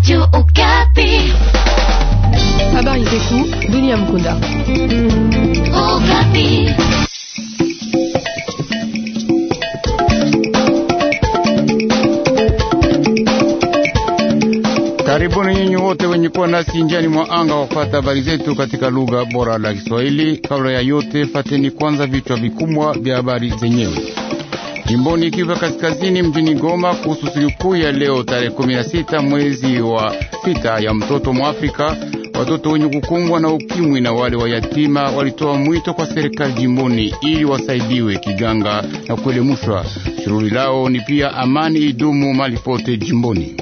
Radio Okapi. Habari zetu dunia mkunda. Okapi. Karibuni nyinyi wote wenye kuwa nasi njiani mwa anga wafata habari zetu katika lugha bora la Kiswahili. Kabla ya yote, fateni kwanza vichwa vikubwa vya habari zenyewe jimboni Kivu Kaskazini, mjini Goma, kuhusu sikukuu ya leo tarehe 16 mwezi wa sita ya mtoto Mwafrika. Watoto wenye kukumbwa na ukimwi na wale wayatima walitoa mwito kwa serikali jimboni ili wasaidiwe kiganga na kuelemushwa. Shughuli lao ni pia amani idumu malipote jimboni.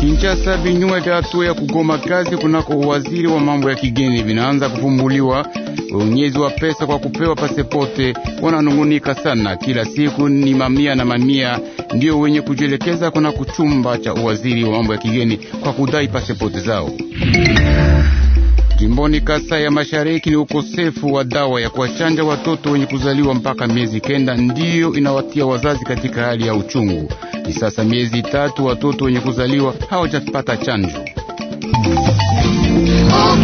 Kinshasa, vinyume vya hatua ya kugoma kazi kunako waziri wa mambo ya kigeni vinaanza kufumbuliwa unyezi wa pesa kwa kupewa pasepote wananungunika sana. Kila siku ni mamia na mamia ndio wenye kujielekeza kuna kuchumba cha uwaziri wa mambo ya kigeni kwa kudai pasepote zao. Jimboni kasa ya Mashariki ni ukosefu wa dawa ya kuwachanja watoto wenye kuzaliwa mpaka miezi kenda ndiyo inawatia wazazi katika hali ya uchungu. Ni sasa miezi tatu watoto wenye kuzaliwa hawajapata chanjo. Oh,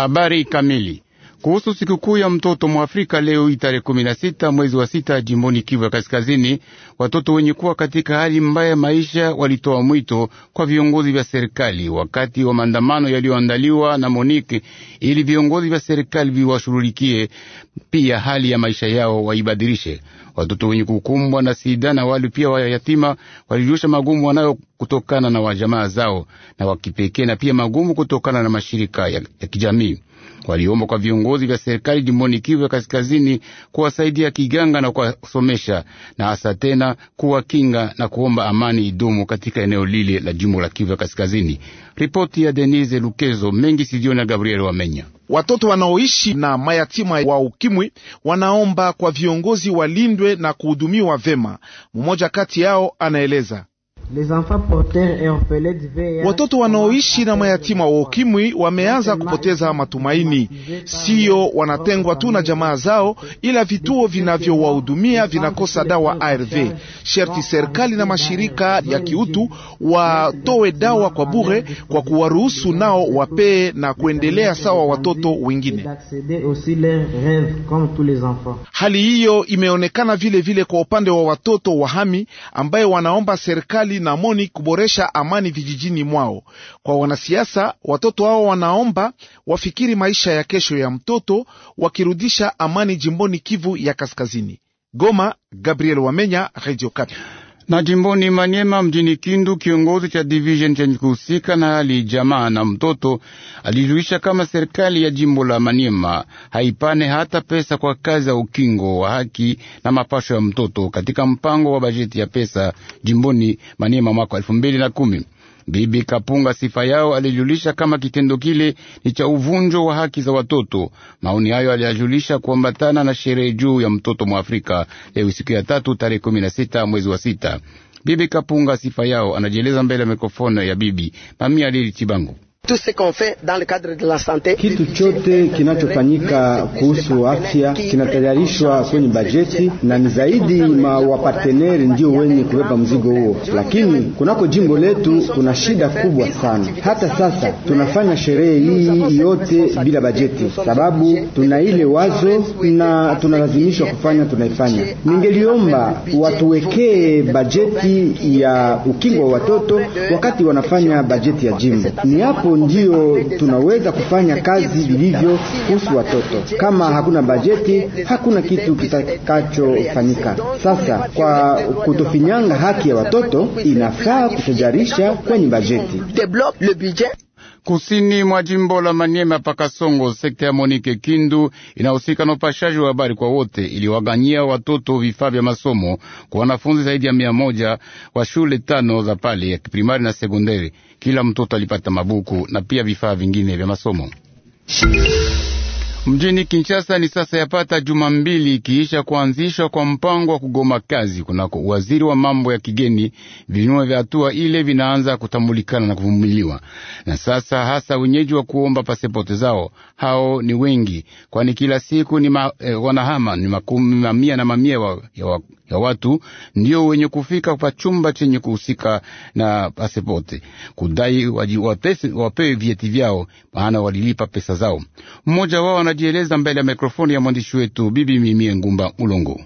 Habari kamili kuhusu sikukuu ya mtoto mwa afrika leo tarehe 16 mwezi wa sita jimboni Kivu ya Kaskazini, watoto wenye kuwa katika hali mbaya maisha walitoa mwito kwa viongozi vya serikali wakati wa maandamano yaliyoandaliwa na Monique ili viongozi vya serikali viwashughulikie pia hali ya maisha yao waibadilishe. Watoto wenye kukumbwa na sida na wale pia wayatima walijusha magumu wanayo kutokana na wajamaa zao na wakipekee na pia magumu kutokana na mashirika ya, ya kijamii. Waliomba kwa viongozi vya serikali jimboni Kivu ya Kaskazini kuwasaidia kiganga na kuwasomesha na hasa tena kuwakinga na kuomba amani idumu katika eneo lile la jimbo la Kivu ya Kaskazini. Ripoti ya Denise Lukezo mengi sijioni na Gabriel Wamenya. Watoto wanaoishi na mayatima wa ukimwi wanaomba kwa viongozi walindwe na kuhudumiwa vema. Mmoja kati yao anaeleza Watoto wanaoishi na mayatima wa ukimwi wameanza kupoteza matumaini. Sio wanatengwa tu na jamaa zao, ila vituo vinavyowahudumia vinakosa dawa ARV. Sherti serikali na mashirika ya kiutu watoe dawa kwa bure, kwa kuwaruhusu nao wapee na kuendelea sawa watoto wengine. Hali hiyo imeonekana vilevile vile kwa upande wa watoto wahami ambaye wanaomba serikali na Moni kuboresha amani vijijini mwao. Kwa wanasiasa, watoto hao wanaomba wafikiri maisha ya kesho ya mtoto wakirudisha amani jimboni Kivu ya Kaskazini. Goma, Gabriel Wamenya, Radio Okapi. Na jimboni Manyema mjini Kindu, kiongozi cha division chenye kuhusika na hali jamaa na mtoto alijulisha kama serikali ya jimbo la Manyema haipane hata pesa kwa kazi ya ukingo wa haki na mapasho ya mtoto katika mpango wa bajeti ya pesa jimboni Manyema mwaka elfu mbili na kumi. Bibi Kapunga sifa yao alijulisha kama kitendo kile ni cha uvunjo wa haki za watoto. Maoni hayo aliyajulisha kuambatana na sherehe juu ya mtoto mwa Afrika leo siku ya tatu tarehe kumi na sita mwezi wa sita. Bibi Kapunga sifa yao anajieleza mbele ya mikrofoni ya bibi Mamia Lili Chibangu. Kitu chote kinachofanyika kuhusu afya kinatayarishwa kwenye bajeti na ni zaidi ma waparteneri ndio wenye kubeba mzigo huo, lakini kunako jimbo letu kuna shida kubwa sana. Hata sasa tunafanya sherehe hii yote bila bajeti, sababu tuna ile wazo na tunalazimishwa kufanya, tunaifanya. Ningeliomba watuwekee bajeti ya ukingo wa watoto wakati wanafanya bajeti ya jimbo, ni hapo hapo ndio tunaweza kufanya kazi vilivyo kuhusu watoto. Kama hakuna bajeti, hakuna kitu kitakachofanyika. Sasa kwa kutofinyanga haki ya watoto, inafaa kutojarisha kwenye bajeti kusini mwa jimbo la Maniema songo sekta ya Monike Kindu inahusika na upashaji wa habari kwa wote, iliwaganyia watoto vifaa vya masomo kwa wanafunzi zaidi ya mia moja wa shule tano za pale ya kiprimari na sekondari. Kila mtoto alipata mabuku na pia vifaa vingine vya masomo. Mjini Kinshasa ni sasa yapata juma mbili ikiisha kuanzishwa kwa mpango wa kugoma kazi kunako waziri wa mambo ya kigeni. Vinyume vya hatua ile vinaanza kutambulikana na kuvumiliwa na sasa, hasa wenyeji wa kuomba pasipoti zao. Hao ni wengi, kwani kila siku ni ma, eh, wanahama ni makumi mamia na mamia wa, ya, wa, ya watu ndio wenye kufika kwa chumba chenye kuhusika na pasipoti kudai wapewe vyeti vyao, maana walilipa pesa zao. Mmoja wao anajieleza mbele ya mikrofoni ya mwandishi wetu Bibi Mimie Ngumba Mulongo.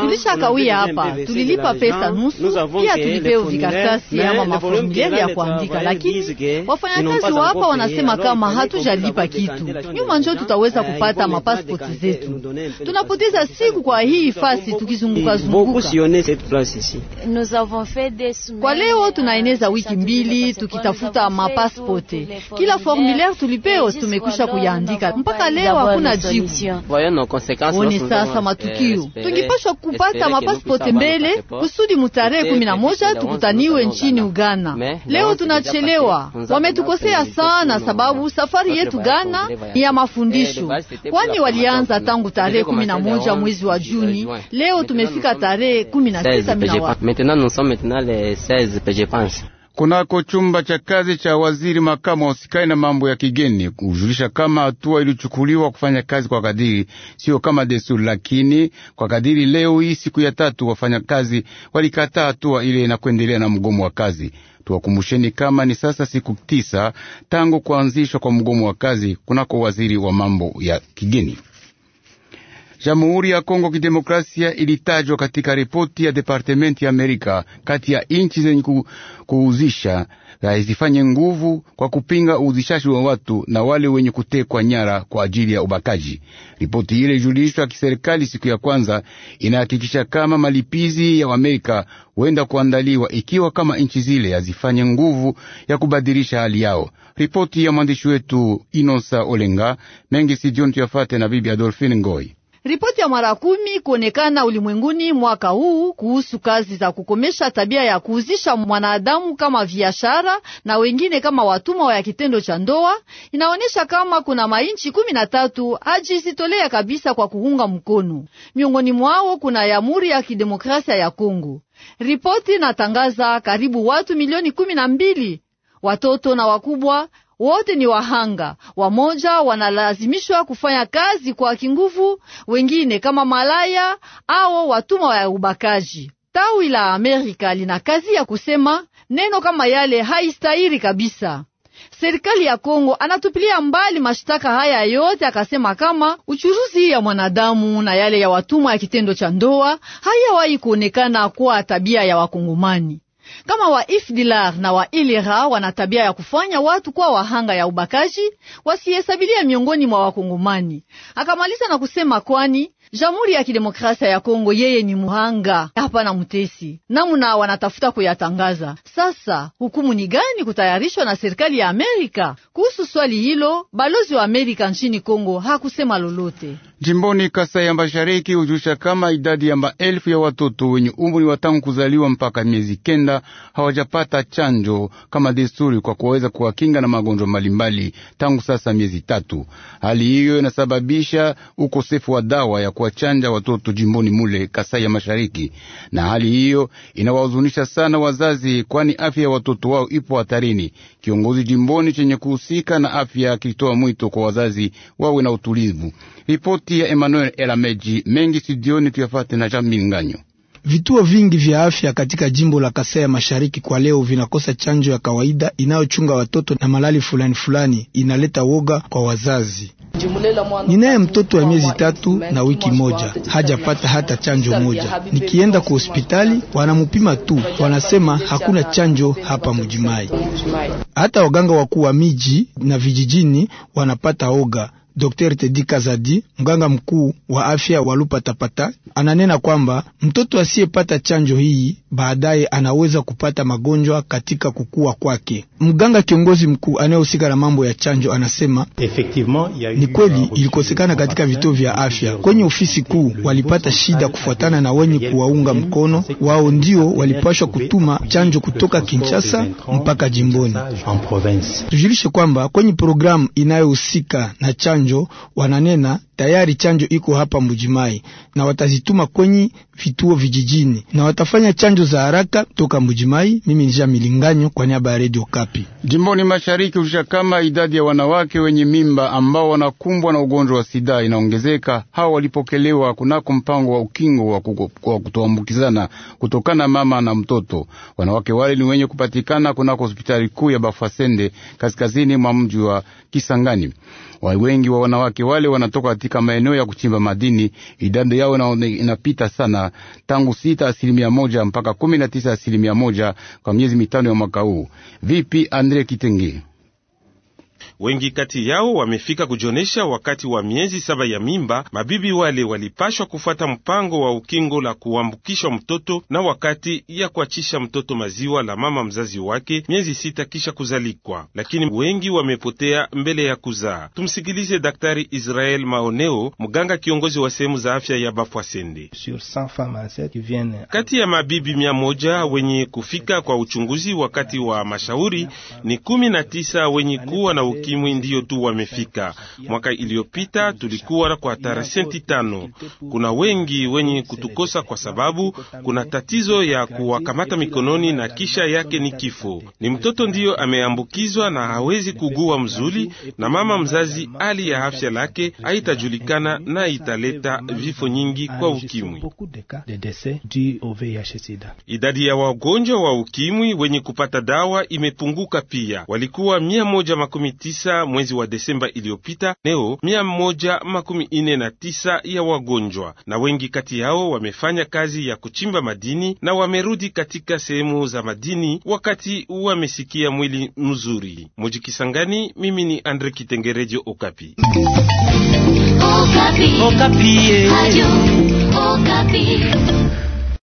Tulisha kawia hapa, tulilipa pesa nusu, pia tulipeo vikaratasi ama maformuliere ya kuandika, lakini wafanyakazi wa hapa wanasema kama hatujalipa kitu nyuma, njo tutaweza kupata mapaspoti zetu. Tunapoteza siku kwa hii fasi tukizungukazunguka. Kwa leo tunaeneza wiki mbili tukitafuta mapaspoti, kila formulaire tulipeo tumekwisha kuyaandika mpaka leo hakuna jibu. One sasa matukio, eh, tungipashwa kupata mapasipoti mbele kusudi mutarehe kumi na moja tukutaniwe nchini Uganda. Leo tunachelewa, wametukosea sana, sababu safari yetu Ghana ni ya mafundisho, eh, kwani walianza tangu tarehe kumi na moja mwezi wa Juni. Leo tumefika tarehe kumi na tisa kunako chumba cha kazi cha waziri makamu wasikani na mambo ya kigeni kujulisha kama hatua ilichukuliwa kufanya kazi kwa kadiri sio kama desturi, lakini kwa kadiri leo hii siku ya tatu wafanya kazi walikataa hatua ile na kuendelea na mgomo wa kazi. Tuwakumbusheni kama ni sasa siku tisa tangu kuanzishwa kwa mgomo wa kazi kunako waziri wa mambo ya kigeni. Jamhuri ya Kongo Kidemokrasia ilitajwa katika ripoti ya Departementi ya Amerika kati ya inchi zenye kuuzisha eh, zifanye nguvu kwa kupinga uuzishaji wa watu na wale wenye kutekwa nyara kwa ajili ya ubakaji. Ripoti ile ilijulishwa kiserikali siku ya kwanza, inahakikisha kama malipizi ya Amerika huenda kuandaliwa ikiwa kama inchi zile hazifanye nguvu ya kubadilisha hali yao. Ripoti ya mwandishi wetu Inosa Olenga mengi si John tuyafate na bibi Adolfine Ngoi. Ripoti ya mara kumi kuonekana ulimwenguni mwaka huu kuhusu kazi za kukomesha tabia ya kuuzisha mwanadamu kama biashara na wengine kama watumwa wa kitendo cha ndoa inaonyesha kama kuna mainchi kumi na tatu ajizitolea kabisa kwa kuunga mkono. Miongoni mwao kuna Jamhuri ya Kidemokrasia ya Kongo. Ripoti inatangaza karibu watu milioni kumi na mbili, watoto na wakubwa wote ni wahanga. Wamoja wanalazimishwa kufanya kazi kwa kinguvu, wengine kama malaya au watumwa wa ubakaji. Tawi la Amerika lina kazi ya kusema neno kama yale haistahili kabisa. Serikali ya Kongo anatupilia mbali mashtaka haya yote, akasema kama uchuruzi ya mwanadamu na yale ya watumwa ya kitendo cha ndoa hayawahi kuonekana kuwa tabia ya Wakongomani. Kama wa Ifdilar na Ilira wana tabia ya kufanya watu kuwa wahanga ya ubakaji, wasihesabilia miongoni mwa Wakongomani. Akamaliza na kusema kwani Jamhuri ya Kidemokrasia ya Kongo yeye ni muhanga, hapana namu namuna wanatafuta kuyatangaza. Sasa hukumu ni gani kutayarishwa na serikali ya Amerika kuhusu swali hilo? Balozi wa Amerika nchini Kongo hakusema lolote jimboni Kasai ya Mashariki hujusha kama idadi ya maelfu ya watoto wenye umri wa tangu kuzaliwa mpaka miezi kenda hawajapata chanjo kama desturi, kwa kuweza kuwakinga na magonjwa mbalimbali tangu sasa miezi tatu. Hali hiyo inasababisha ukosefu wa dawa ya kuwachanja watoto jimboni mule Kasai ya Mashariki, na hali hiyo inawahuzunisha sana wazazi, kwani afya ya watoto wao ipo hatarini. Kiongozi jimboni chenye kuhusika na afya kilitoa mwito kwa wazazi wawe na utulivu. Ripoti ripoti ya Emmanuel Elameji mengi studioni, tuyafate na Jean Vituo vingi vya afya katika jimbo la Kasai ya Mashariki kwa leo vinakosa chanjo ya kawaida inayochunga watoto na malali fulani fulani, inaleta woga kwa wazazi. Ninaye mtoto wa miezi tatu na wiki moja, hajapata hata chanjo moja. Nikienda kwa hospitali wanamupima tu, wanasema hakuna chanjo hapa Mjimai. Hata waganga wakuu wa miji na vijijini wanapata oga Dr. Tedi Kazadi, mganga mkuu wa afya wa Lupatapata, ananena kwamba mtoto asiyepata chanjo hii baadaye anaweza kupata magonjwa katika kukua kwake. Mganga kiongozi mkuu anayehusika na mambo ya chanjo anasema ni kweli ilikosekana katika vituo vya afya. Kwenye ofisi kuu walipata shida kufuatana na wenye kuwaunga mkono wao, ndio walipashwa kutuma chanjo kutoka Kinshasa mpaka jimboni. Tujulishe kwamba kwenye programu inayohusika na chanjo chanjo wananena Tayari chanjo iko hapa Mbujimai na watazituma kwenye vituo vijijini na watafanya chanjo za haraka toka Mbujimai. Mimi ni Milinganyo kwa niaba ya Radio Kapi. Jimboni Mashariki kama idadi ya wanawake wenye mimba ambao wanakumbwa na ugonjwa wa sida inaongezeka. Hao walipokelewa kunako mpango wa ukingo wa kutoambukizana kutokana mama na mtoto. Wanawake wale ni wenye kupatikana kunako hospitali kuu ya Bafasende kaskazini mwa mji wa Kisangani. Wengi wa wanawake wale wanatoka katika maeneo ya kuchimba madini, idadi yao inapita sana tangu sita asilimia moja mpaka kumi na tisa asilimia moja kwa miezi mitano ya mwaka huu. Vipi Andre Kitenge? Wengi kati yao wamefika kujionyesha wakati wa miezi saba ya mimba. Mabibi wale walipashwa kufuata mpango wa ukingo la kuambukishwa mtoto na wakati ya kuachisha mtoto maziwa la mama mzazi wake miezi sita kisha kuzalikwa, lakini wengi wamepotea mbele ya kuzaa. Tumsikilize Daktari Israel Maoneo, mganga kiongozi wa sehemu za afya ya Bafwasende. Kati ya mabibi mia moja wenye kufika kwa uchunguzi wakati wa mashauri ni kumi na tisa wenye kuwa na ukingo ukimwi ndiyo tu wamefika. Mwaka iliyopita tulikuwa kwa tarasenti tano. Kuna wengi wenye kutukosa kwa sababu kuna tatizo ya kuwakamata mikononi na kisha yake ni kifo. Ni mtoto ndiyo ameambukizwa na hawezi kugua mzuri, na mama mzazi, hali ya afya lake haitajulikana na italeta vifo nyingi kwa ukimwi. Idadi ya wagonjwa wa ukimwi wenye kupata dawa imepunguka pia, walikuwa mia moja makumi tisa tisa mwezi wa Desemba iliyopita, leo mia moja makumi ine na tisa ya wagonjwa, na wengi kati yao wamefanya kazi ya kuchimba madini na wamerudi katika sehemu za madini wakati wamesikia mwili mzuri. Kisangani, mimi ni Andre Kitengereje, Okapi, Okapi. Okapi. Eh. Okapi.